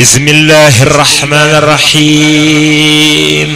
bismillahi rahmaani rahiim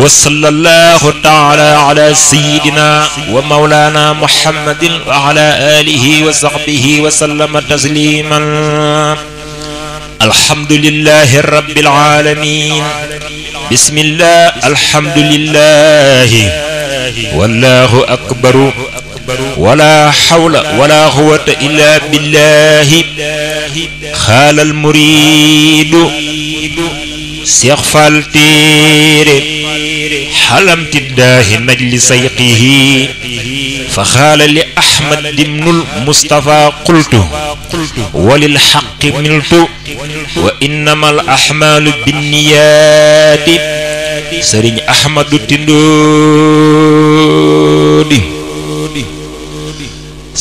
wa sallallahu taala ala sayyidina wa mawlaana muhammadin wa ala aalihi wa sahbihi wa sallama tasliiman alhamdulillahi rabbil aalamiin bismillah alhamdulillahi wallaahu akbar ولا حول ولا قوة إلا بالله xaalal almuriidu seex faal téere xalamti daahi najli sayqihi fa xaala li ahmad dimnul mustapha qultu walil xaqi miltu wa innama al ahmaalu binniyaati sëriñ ahmadu tindoo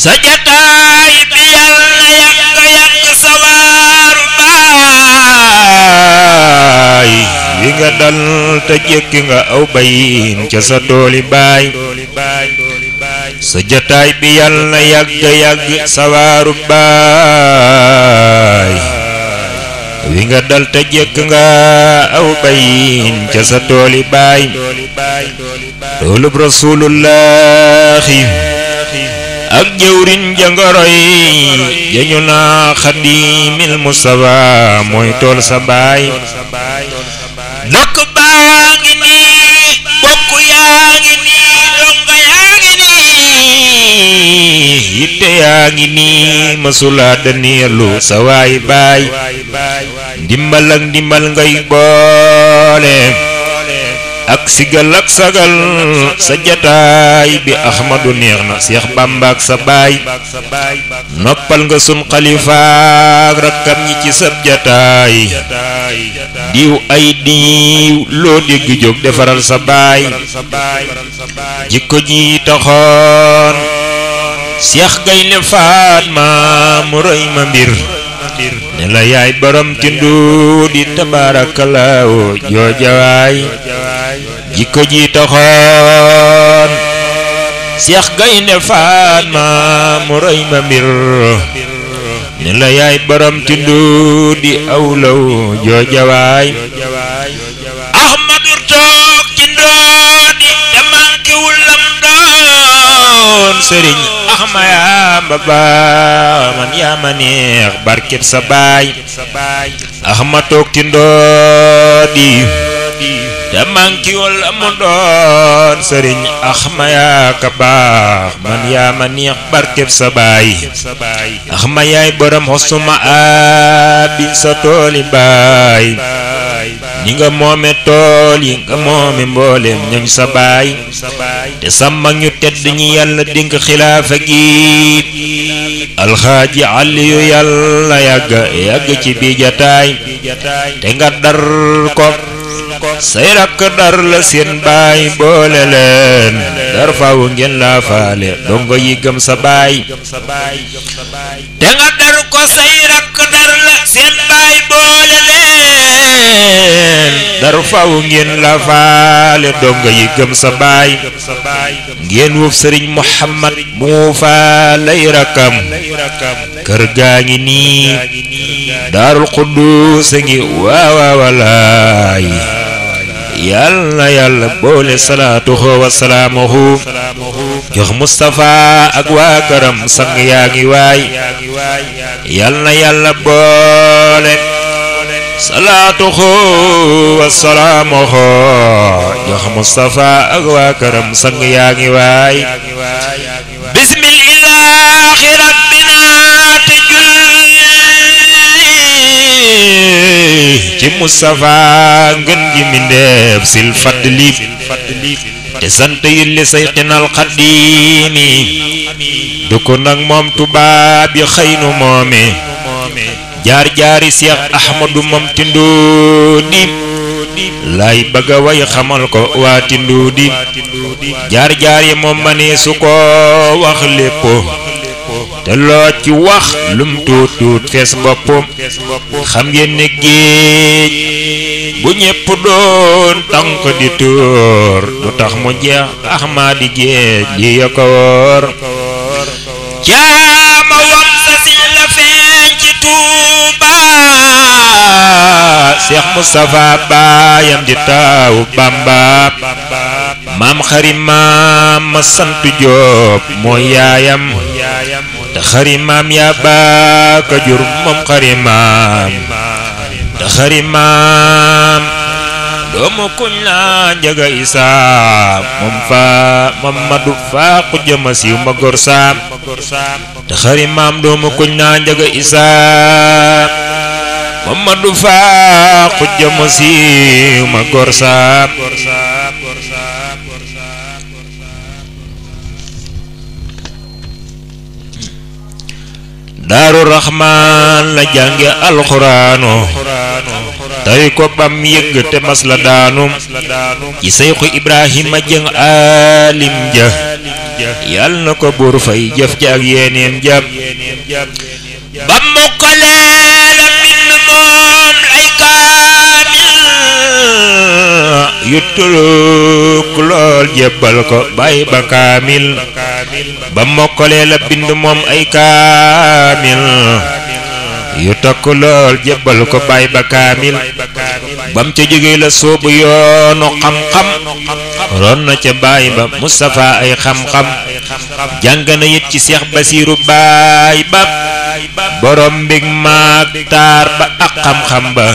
sa jataay bi yàlla yàq yàq sawaaru aw bayin ca sa tooli baay sa jataay bi yàlla yàgg yàgg sawaaru baay wi nga dal te jekk nga aw bayin sa tooli baay toolub ak jëwriñ jangoroy jañu naa xadimil mustafa mooy tool sa baay dëkk baa ngi nii bokk yaa ngi nii donga yaa ngi nii yitte yaa ngi nii masula danielu sa waay baay ndimbal ak ndimbal ngay boole ak sigal ak sagal sa jataay bi ahmadu neex na seex bàmbaak sa baay noppal nga sun xalifaak rakkam ñi ci sa jataay diw ay diw loo dégg jóg defaral sa baay jikko ji taxoon seex gaynde faat ma mu rëy ma mbir ne la yaay borom tindu di tabaarakallaahu joojawaay jikko ji taxoon seex gaynde faat ma mu rëy ma mbir ne yaay borom tindu di awlaw joojawaay ahmadu toog ci ndooni te manquewul lam doon sëriñ baax ma yaamba baax man yaama neex barkeb sa baay toog ci ndoodi te manki walla mu doon sëriñ ax yaa ka baax man yaama neex barkeb sa baay ax ma yaay borom xosuma sa tooli baay ni nga moome tool yi nga moome mbooleem ñooñ sa baay te sàmma ñu tedd ñi yàlla dénk xilaafa gi alxaaji Aliyu yàlla yàgg yàgg ci bi jataay te nga dar ko say rakk dar la seen baay boole leen dar faaw ngeen laa faale dongo yi gëm sa baay te nga dar ko say rakk dar la seen baay boole leen dar faaw ngeen laa faale dongo yi gëm sa baay ngeen wuuf sëriñ Muhammad mu faalay rakkam kër gaa ngi nii daarul quddus ngi waawaawalaay yàlla yàlla boole salaatuhu wa salaamuhu jox Moustapha ak waa këram sang yaa ngi waay yàlla yàlla boole salaatuhu wa ak waa këram ci Moustapha ngën gi mindeef sil fadli te sant yi li sayxinal xaddiimi dëkk nag moom tubaab yi xëy nu moome jaar jaari seex ahmadu moom tindoodi lay bëgg way xamal ko waa tindoodi jaar jaar yi moom ma ne su ko wax lépp te loo ci wax lum tuut tuut fees boppam xam ngeen ne géej bu ñépp doon tànk di tuur du tax mu jeex ahmadi géej li ya ko wóor caama wam sa sin la feeñ ci tuuba seex mustafa baayam di taawu bamba maam xari maam ma sant joob mooy yaayam te xarimaam yaa baaka jur moom xarimaam te doomu kuñ laa njaga isaam moom faa moom madu faa xujjama siiw ma gor saam doomu kuñ laa njaga isaam moom madu faa xujjama siiw ma gor daaru raxmaan la jànge alxuraanu tey ko bam yëgg te mas la daanu ci seyxu ibrahima jëng alim ja yal na ko buur fay jëf ja ak yeneen ja ba mokkalee la mbind moom yu turuk lool bind moom ay kaamil yu takk lool jébbal ko bàyyi ba kaamil bam ca jógee la soobu yoonu xam-xam ron na ca bàyyi ba Moustapha ay xam-xam jàng na ci Seex Basiiru bàyyi ba borom mbig maag taar ba ak xam-xam ba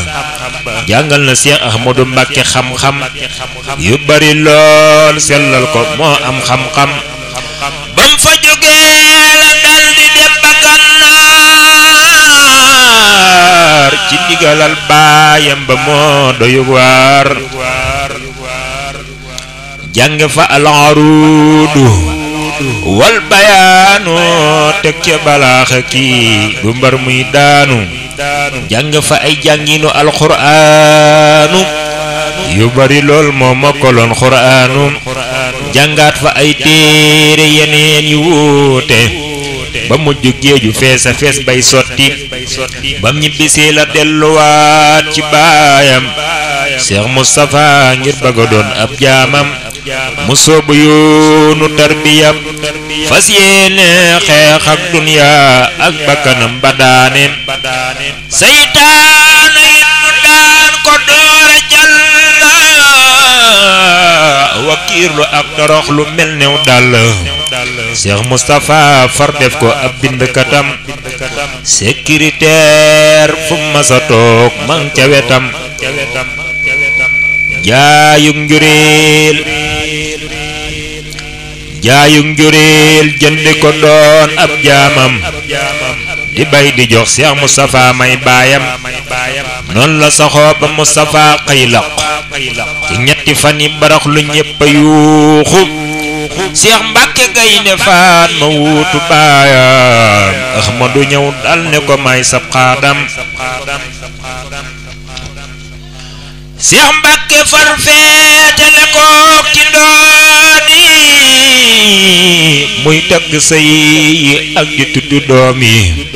jàngal na Cheikh Ahmadou Mbacke xam-xam yu bari lool sellal ko moo am xam-xam ba mu fa jógee la dal dem ba gànnaar ci ndigalal baayam ba moo doyu waar jàng fa alaaruudu wal bayaanu teg ca balaaxa kii bu mbar muy daanu jàng fa ay jànginu alquraanu yu bari lool moo mokkaloon quraanu jàngaat fa ay téere yeneen yu wuute ba mujj géeju fees a fees bay sotti bam ñibbisee la delluwaat ci baayam Cheikh Moustapha ngir bëgg doon ab jaamam mu soob yoonu tarbiyam fas yéene xeex ak duniya ak bakkanam ba daaneem seytaana yi nu daan ko doora jàll wakiirlu ak torox lu mel new dàll Cheikh Moustapha far def ko ab bindkatam sécuritaire fu masa toog man ca wetam jaayug njureel jaayu njuréel jëndi ko doon ab jaamam di bay di jox seex Moustapha may baayam noonu la saxoo ba Moustapha xëy laq ci ñetti fan yi barax lu ñëpp a yuuxu seex Mbàkke Gaynde Faat ma wuutu baayam Ahmadu ñëw dal ne ko may sab xaadam Seex Mbàkke far feetale ci doom yi muy tagg sëy yi ak di tudd doom yi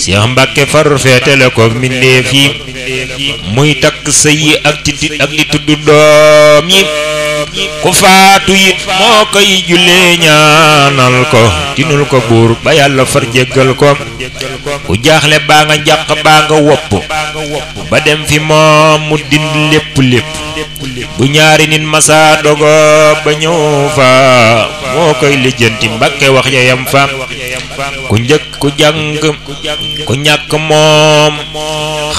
Seex Mbàkke far feetale kook mbindéef yi muy tagg sëy yi ak di tudd doom yi ku faatu yit moo koy jullee ñaanal ko tinul ko buur ba yàlla far jéggal ko ku jaaxle baa nga njàq baa nga wopp ba dem fi moom mu dind lépp lépp bu ñaari nit masa dogo ba ñëw fa moo koy lijjanti mbakke wax ja yam fa ku njëkk ku jàng ku ñàkk moom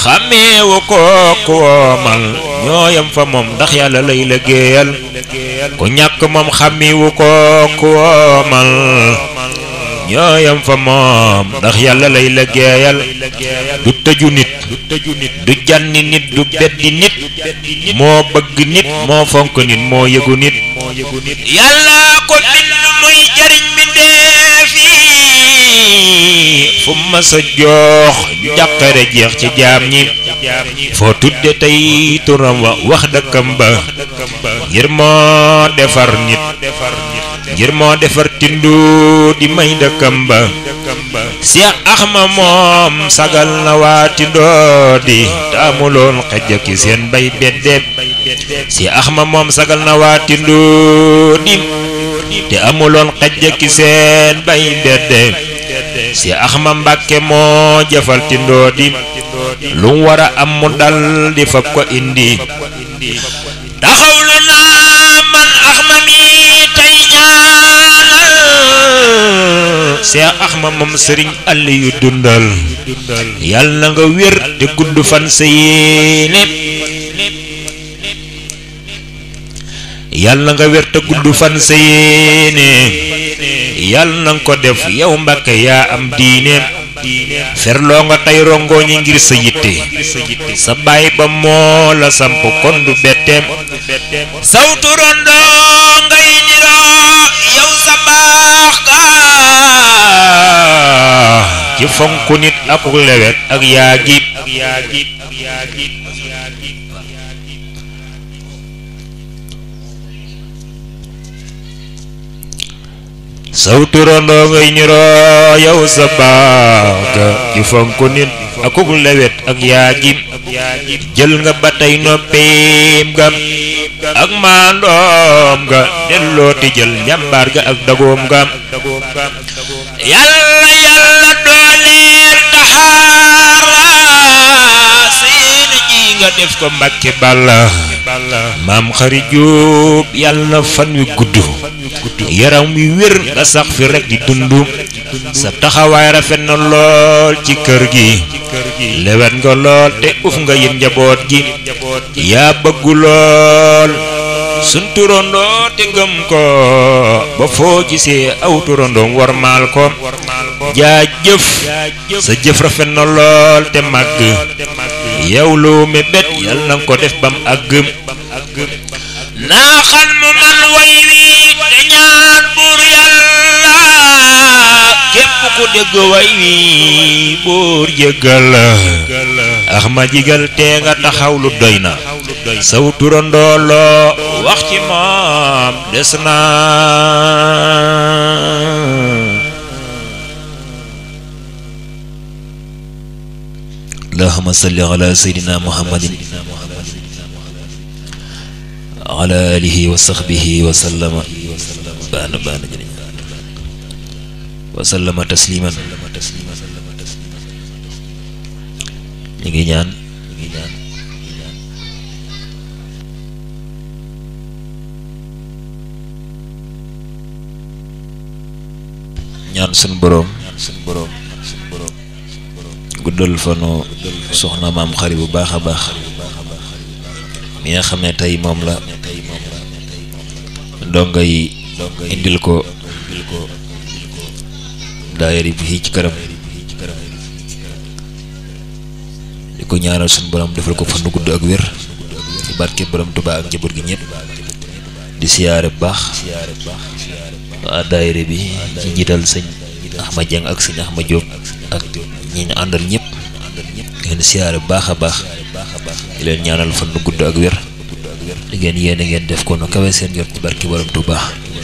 xàmmeewu ko ku ñoo yam fa moom ndax yàlla lay liggéeyal ku ñàkk moom xàmmiwu ko ku woomal ñooyam fa moom ndax yàlla lay liggéeyal du tëju nit du jànni nit du beddi nit moo bëgg nit moo fonk nit moo yëgu nit yàlla ko bind muy jariñ mi fu ma joox jàqare jeex ci jaam ñi foo tudde tey turam wa wax dëkkam ba ngir moo defar nit ngir moo defar tindu di may dëkkam ba Seex Axma moom sagal na waa tindoo di taamuloon xëj ki seen bay beddeeb Seex Axma moom sagal na waa tindoo di te amuloon xëj ki seen bay beddeeb Seex Axma Mbàkke moo jëfal tindoo di lu mu a am mu dal di fab ko indi taxaw naa man axmami tey ñaanal seex axma sëriñ àll yu dundal yàlla na nga wér te gudd fan sa yéene yàlla nga wér te gudd fan sa yéene yàlla na nga ko def yow mbàkke yaa am diine ferloo nga tey rongooñi ngir sa yitte sa baay ba moo la samp kon du betteem sawtu rondo ngay niroo yow sa baax ga ci fonku nit ak lewet ak yaa gi saw turandoo ngay niroo yow sa baax ga nit akub lewet ak yaagim jël nga ba tey noppiim ga ak maandoom ga dellooti jël njàmbaar ga ak dagoom ga yàlla yàlla dooleel taxaara seen ji nga def ko mbàkke balla maam xari jóob yàlla na fan wi gudd yaram wi wér nga sax fi rek di dund sa taxawaay rafet na lool ci kër gi lewet nga lool te uf nga yit njaboot gi yaa bëggu lool sun turandoo te ngëm ko ba foo gisee aw turandoom warmaal ko jaa jëf sa jëf rafet na lool te màgg yow loo mébét yàlla na ko def bam àgg naaxal mu man way wi te ñaan buur yàlla képp ku dégg way wi buur jéggal ax ma jigal tee nga taxaw lu doy na saw wax ci moom des na wa ala alihi wa sahbihi wa sallama baana baana jëriñ wa sallama tasliman ñu ngi ñaan ñaan boroom guddal fanu soxna maam xari bu baax a baax mi nga xam ne tey moom la ndongo yi indil ko daayira bi fii ci këram di ko ñaanal suñu borom defal ko fan gudd ak wér di barke borom Tuubaa ak njaboot gi ñëpp di siyaare bu baax waa daayira bi ci njiital sëñ Ahmad Dieng ak sëñ Ahmad Diop ak ñi ñu àndal ñëpp ngeen siyaare bu baax a baax di leen ñaanal fan gudd ak wér li ngeen yéene ngeen def ko nu kawe seen jot ci barki borom Tuubaa